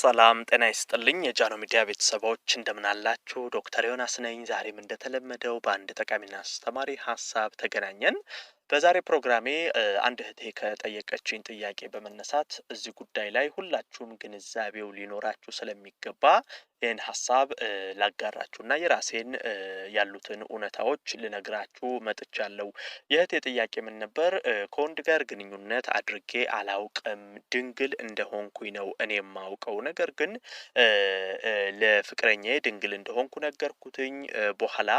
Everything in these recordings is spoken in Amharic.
ሰላም ጤና ይስጥልኝ። የጃኖ ሚዲያ ቤተሰቦች እንደምን አላችሁ? ዶክተር ዮናስ ነኝ። ዛሬም እንደተለመደው በአንድ ጠቃሚና አስተማሪ ሀሳብ ተገናኘን። በዛሬ ፕሮግራሜ አንድ እህቴ ከጠየቀችኝ ጥያቄ በመነሳት እዚህ ጉዳይ ላይ ሁላችሁም ግንዛቤው ሊኖራችሁ ስለሚገባ ይህን ሀሳብ ላጋራችሁና የራሴን ያሉትን እውነታዎች ልነግራችሁ መጥቻለሁ። የእህቴ ጥያቄ ምን ነበር? ከወንድ ጋር ግንኙነት አድርጌ አላውቅም፣ ድንግል እንደሆንኩኝ ነው እኔ የማውቀው። ነገር ግን ለፍቅረኛ ድንግል እንደሆንኩ ነገርኩትኝ። በኋላ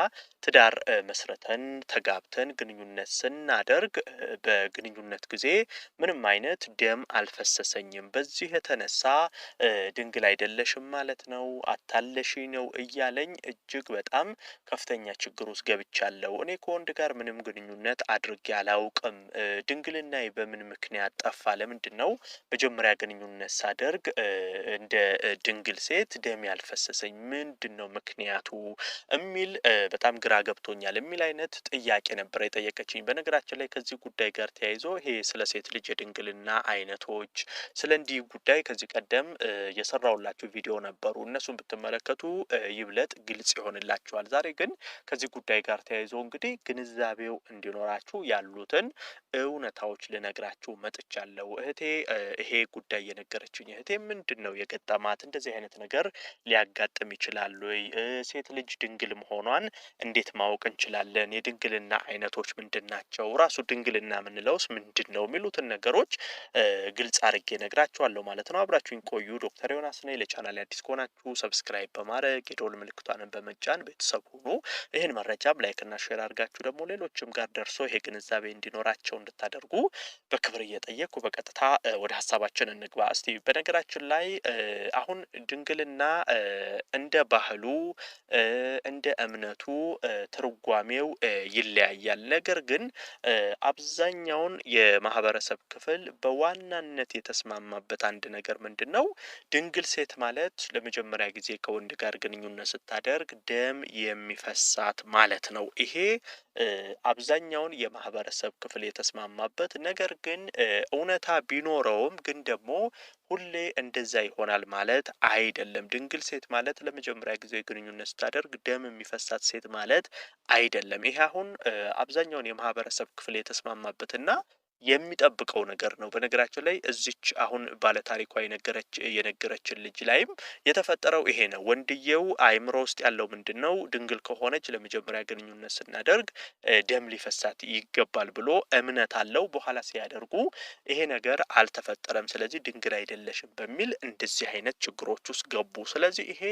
ትዳር መስረተን ተጋብተን ግንኙነት ስና ስናደርግ በግንኙነት ጊዜ ምንም አይነት ደም አልፈሰሰኝም፣ በዚህ የተነሳ ድንግል አይደለሽም ማለት ነው፣ አታለሽ ነው እያለኝ እጅግ በጣም ከፍተኛ ችግር ውስጥ ገብቻለሁ። እኔ ከወንድ ጋር ምንም ግንኙነት አድርጌ አላውቅም። ድንግልናዬ በምን ምክንያት ጠፋ? ለምንድን ነው መጀመሪያ ግንኙነት ሳደርግ እንደ ድንግል ሴት ደም ያልፈሰሰኝ? ምንድን ነው ምክንያቱ? የሚል በጣም ግራ ገብቶኛል የሚል አይነት ጥያቄ ነበር የጠየቀችኝ። በነገራ በነገራችን ላይ ከዚህ ጉዳይ ጋር ተያይዞ ይሄ ስለ ሴት ልጅ የድንግልና አይነቶች ስለ እንዲህ ጉዳይ ከዚህ ቀደም የሰራውላችሁ ቪዲዮ ነበሩ። እነሱን ብትመለከቱ ይብለጥ ግልጽ ይሆንላችኋል። ዛሬ ግን ከዚህ ጉዳይ ጋር ተያይዞ እንግዲህ ግንዛቤው እንዲኖራችሁ ያሉትን እውነታዎች ልነግራችሁ መጥቻለሁ። እህቴ ይሄ ጉዳይ የነገረችኝ እህቴ ምንድን ነው የገጠማት? እንደዚህ አይነት ነገር ሊያጋጥም ይችላሉ። ሴት ልጅ ድንግል መሆኗን እንዴት ማወቅ እንችላለን? የድንግልና አይነቶች ምንድን ናቸው? ራሱ ድንግልና የምንለውስ ምንድን ነው የሚሉትን ነገሮች ግልጽ አድርጌ ነግራችኋለሁ ማለት ነው። አብራችሁኝ ቆዩ። ዶክተር ዮናስ ነኝ። ለቻናል አዲስ ከሆናችሁ ሰብስክራይብ በማድረግ የደወል ምልክቷንን በመጫን ቤተሰብ ሁኑ። ይህን መረጃም ላይክና ሼር አድርጋችሁ ደግሞ ሌሎችም ጋር ደርሶ ይሄ ግንዛቤ እንዲኖራቸው እንድታደርጉ በክብር እየጠየቅኩ በቀጥታ ወደ ሀሳባችን እንግባ። እስቲ በነገራችን ላይ አሁን ድንግልና እንደ ባህሉ እንደ እምነቱ ትርጓሜው ይለያያል። ነገር ግን አብዛኛውን የማህበረሰብ ክፍል በዋናነት የተስማማበት አንድ ነገር ምንድን ነው? ድንግል ሴት ማለት ለመጀመሪያ ጊዜ ከወንድ ጋር ግንኙነት ስታደርግ ደም የሚፈሳት ማለት ነው። ይሄ አብዛኛውን የማህበረሰብ ክፍል የተስማማበት ነገር ግን እውነታ ቢኖረውም ግን ደግሞ ሁሌ እንደዛ ይሆናል ማለት አይደለም። ድንግል ሴት ማለት ለመጀመሪያ ጊዜ ግንኙነት ስታደርግ ደም የሚፈሳት ሴት ማለት አይደለም። ይሄ አሁን አብዛኛውን የማህበረሰብ ክፍል የተስማማበትና የሚጠብቀው ነገር ነው። በነገራችን ላይ እዚች አሁን ባለታሪኳ የነገረች የነገረችን ልጅ ላይም የተፈጠረው ይሄ ነው። ወንድየው አይምሮ ውስጥ ያለው ምንድን ነው? ድንግል ከሆነች ለመጀመሪያ ግንኙነት ስናደርግ ደም ሊፈሳት ይገባል ብሎ እምነት አለው። በኋላ ሲያደርጉ ይሄ ነገር አልተፈጠረም፣ ስለዚህ ድንግል አይደለሽም በሚል እንደዚህ አይነት ችግሮች ውስጥ ገቡ። ስለዚህ ይሄ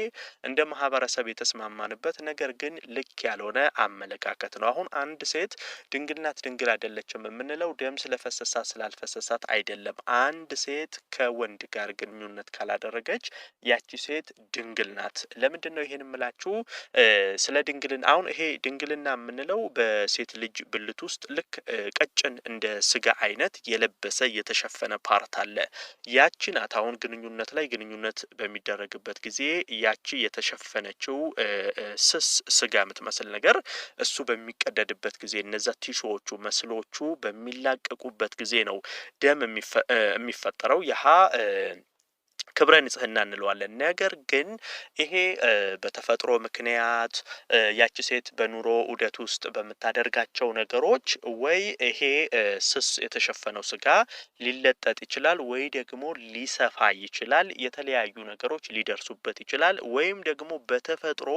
እንደ ማህበረሰብ የተስማማንበት ነገር ግን ልክ ያልሆነ አመለካከት ነው። አሁን አንድ ሴት ድንግልናት ድንግል አይደለችም የምንለው ደም ስለ ስለፈሰሳት ስላልፈሰሳት አይደለም። አንድ ሴት ከወንድ ጋር ግንኙነት ካላደረገች ያቺ ሴት ድንግል ናት። ለምንድን ነው ይሄን የምላችሁ? ስለ ድንግልን አሁን ይሄ ድንግልና የምንለው በሴት ልጅ ብልት ውስጥ ልክ ቀጭን እንደ ስጋ አይነት የለበሰ የተሸፈነ ፓርት አለ። ያቺ ናት አሁን ግንኙነት ላይ ግንኙነት በሚደረግበት ጊዜ ያቺ የተሸፈነችው ስስ ስጋ የምትመስል ነገር እሱ በሚቀደድበት ጊዜ እነዛ ቲሾዎቹ መስሎቹ በሚላቀቁ በሚለቁበት ጊዜ ነው ደም የሚፈጠረው። ይሀ ክብረ ንጽህና እንለዋለን። ነገር ግን ይሄ በተፈጥሮ ምክንያት ያቺ ሴት በኑሮ ውደት ውስጥ በምታደርጋቸው ነገሮች ወይ ይሄ ስስ የተሸፈነው ስጋ ሊለጠጥ ይችላል፣ ወይ ደግሞ ሊሰፋ ይችላል። የተለያዩ ነገሮች ሊደርሱበት ይችላል። ወይም ደግሞ በተፈጥሮ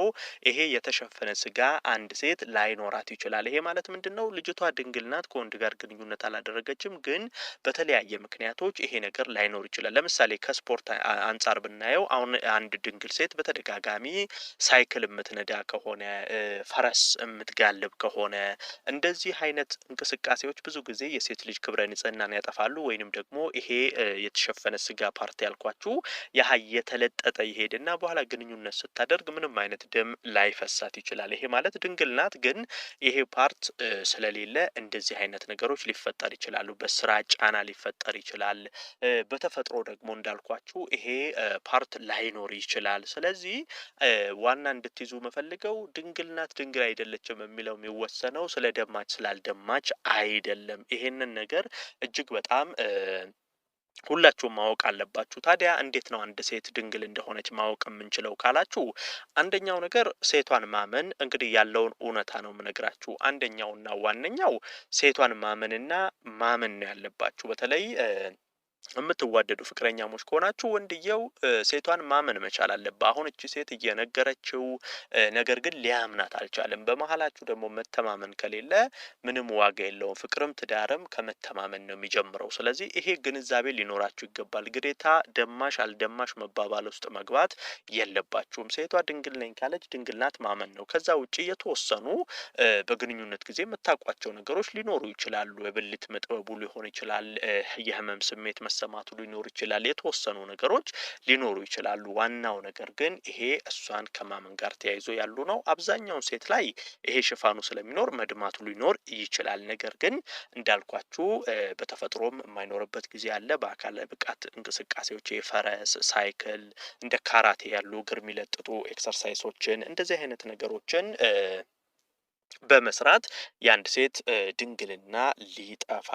ይሄ የተሸፈነ ስጋ አንድ ሴት ላይኖራት ይችላል። ይሄ ማለት ምንድን ነው? ልጅቷ ድንግል ናት፣ ከወንድ ጋር ግንኙነት አላደረገችም። ግን በተለያየ ምክንያቶች ይሄ ነገር ላይኖር ይችላል። ለምሳሌ ከስፖርት አንጻር ብናየው አሁን አንድ ድንግል ሴት በተደጋጋሚ ሳይክል የምትነዳ ከሆነ ፈረስ የምትጋልብ ከሆነ እንደዚህ አይነት እንቅስቃሴዎች ብዙ ጊዜ የሴት ልጅ ክብረ ንጽህናን ያጠፋሉ። ወይንም ደግሞ ይሄ የተሸፈነ ስጋ ፓርቲ ያልኳችሁ ያህ የተለጠጠ ይሄድና በኋላ ግንኙነት ስታደርግ ምንም አይነት ደም ላይፈሳት ይችላል። ይሄ ማለት ድንግል ናት፣ ግን ይሄ ፓርት ስለሌለ እንደዚህ አይነት ነገሮች ሊፈጠር ይችላሉ። በስራ ጫና ሊፈጠር ይችላል። በተፈጥሮ ደግሞ እንዳልኳችሁ ይሄ ፓርት ላይኖር ይችላል። ስለዚህ ዋና እንድትይዙ መፈልገው ድንግልናት ድንግል አይደለችም የሚለው የሚወሰነው ስለ ደማች ስላልደማች አይደለም። ይሄንን ነገር እጅግ በጣም ሁላችሁም ማወቅ አለባችሁ። ታዲያ እንዴት ነው አንድ ሴት ድንግል እንደሆነች ማወቅ የምንችለው ካላችሁ፣ አንደኛው ነገር ሴቷን ማመን እንግዲህ ያለውን እውነታ ነው የምነግራችሁ። አንደኛውና ዋነኛው ሴቷን ማመንና ማመን ነው ያለባችሁ በተለይ የምትዋደዱ ፍቅረኛሞች ከሆናችሁ ወንድየው ሴቷን ማመን መቻል አለበት። አሁን እቺ ሴት እየነገረችው ነገር ግን ሊያምናት አልቻለም። በመሀላችሁ ደግሞ መተማመን ከሌለ ምንም ዋጋ የለውም። ፍቅርም ትዳርም ከመተማመን ነው የሚጀምረው። ስለዚህ ይሄ ግንዛቤ ሊኖራችሁ ይገባል። ግዴታ ደማሽ አልደማሽ መባባል ውስጥ መግባት የለባችሁም። ሴቷ ድንግል ነኝ ካለች ድንግልናት ማመን ነው። ከዛ ውጭ የተወሰኑ በግንኙነት ጊዜ የምታውቋቸው ነገሮች ሊኖሩ ይችላሉ። የብልት መጥበቡ ሊሆን ይችላል። የህመም ስሜት መሰ መሰማቱ ሊኖር ይችላል። የተወሰኑ ነገሮች ሊኖሩ ይችላሉ። ዋናው ነገር ግን ይሄ እሷን ከማመን ጋር ተያይዞ ያሉ ነው። አብዛኛውን ሴት ላይ ይሄ ሽፋኑ ስለሚኖር መድማቱ ሊኖር ይችላል። ነገር ግን እንዳልኳችሁ በተፈጥሮም የማይኖርበት ጊዜ አለ። በአካል ብቃት እንቅስቃሴዎች የፈረስ ሳይክል፣ እንደ ካራቴ ያሉ እግር የሚለጥጡ ኤክሰርሳይሶችን እንደዚህ አይነት ነገሮችን በመስራት የአንድ ሴት ድንግልና ሊጠፋ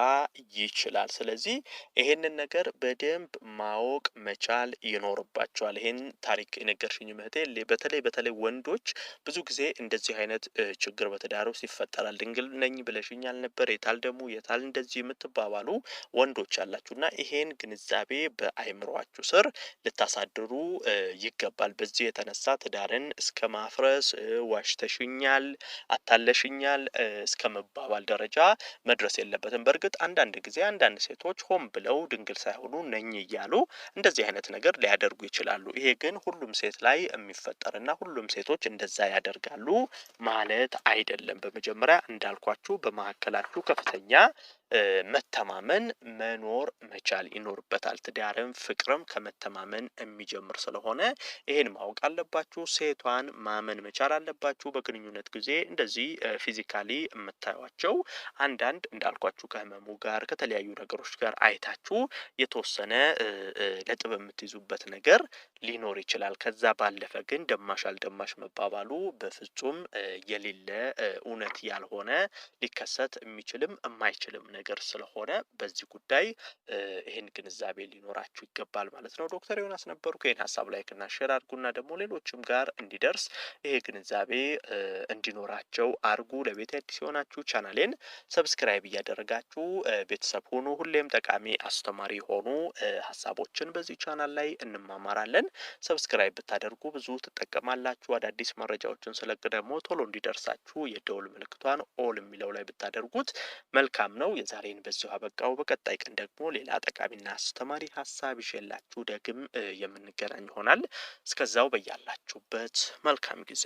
ይችላል። ስለዚህ ይሄንን ነገር በደንብ ማወቅ መቻል ይኖርባቸዋል። ይሄን ታሪክ የነገርሽኝ እህቴ፣ በተለይ በተለይ ወንዶች ብዙ ጊዜ እንደዚህ አይነት ችግር በትዳር ውስጥ ይፈጠራል። ድንግል ነኝ ብለሽኛል ነበር፣ የታል ደግሞ የታል እንደዚህ የምትባባሉ ወንዶች አላችሁና ይሄን ግንዛቤ በአይምሯችሁ ስር ልታሳድሩ ይገባል። በዚህ የተነሳ ትዳርን እስከ ማፍረስ ዋሽተሽኛል አታል ይመለሽኛል እስከ መባባል ደረጃ መድረስ የለበትም። በእርግጥ አንዳንድ ጊዜ አንዳንድ ሴቶች ሆን ብለው ድንግል ሳይሆኑ ነኝ እያሉ እንደዚህ አይነት ነገር ሊያደርጉ ይችላሉ። ይሄ ግን ሁሉም ሴት ላይ የሚፈጠርና ሁሉም ሴቶች እንደዛ ያደርጋሉ ማለት አይደለም። በመጀመሪያ እንዳልኳችሁ በመካከላችሁ ከፍተኛ መተማመን መኖር መቻል ይኖርበታል። ትዳርም ፍቅርም ከመተማመን የሚጀምር ስለሆነ ይሄን ማወቅ አለባችሁ። ሴቷን ማመን መቻል አለባችሁ። በግንኙነት ጊዜ እንደዚህ ፊዚካሊ የምታዩቸው አንዳንድ እንዳልኳችሁ ከህመሙ ጋር ከተለያዩ ነገሮች ጋር አይታችሁ የተወሰነ ነጥብ የምትይዙበት ነገር ሊኖር ይችላል። ከዛ ባለፈ ግን ደማሽ አልደማሽ መባባሉ በፍጹም የሌለ እውነት ያልሆነ ሊከሰት የሚችልም የማይችልም ነገር ስለሆነ በዚህ ጉዳይ ይህን ግንዛቤ ሊኖራችሁ ይገባል ማለት ነው። ዶክተር ዮናስ ነበሩ። ይህን ሀሳብ ላይክና ሼር አድርጉና ደግሞ ሌሎችም ጋር እንዲደርስ ይሄ ግንዛቤ እንዲኖራቸው አርጉ። ለቤት አዲስ የሆናችሁ ቻናሌን ሰብስክራይብ እያደረጋችሁ ቤተሰብ ሁኑ። ሁሌም ጠቃሚ አስተማሪ የሆኑ ሀሳቦችን በዚህ ቻናል ላይ እንማማራለን። ሰብስክራይብ ብታደርጉ ብዙ ትጠቀማላችሁ። አዳዲስ መረጃዎችን ስለቅ ደግሞ ቶሎ እንዲደርሳችሁ የደውል ምልክቷን ኦል የሚለው ላይ ብታደርጉት መልካም ነው። የዛሬን በዚሁ አበቃው። በቀጣይ ቀን ደግሞ ሌላ ጠቃሚና አስተማሪ ሀሳብ ይዤላችሁ ደግም የምንገናኝ ይሆናል። እስከዛው በያላችሁበት መልካም ጊዜ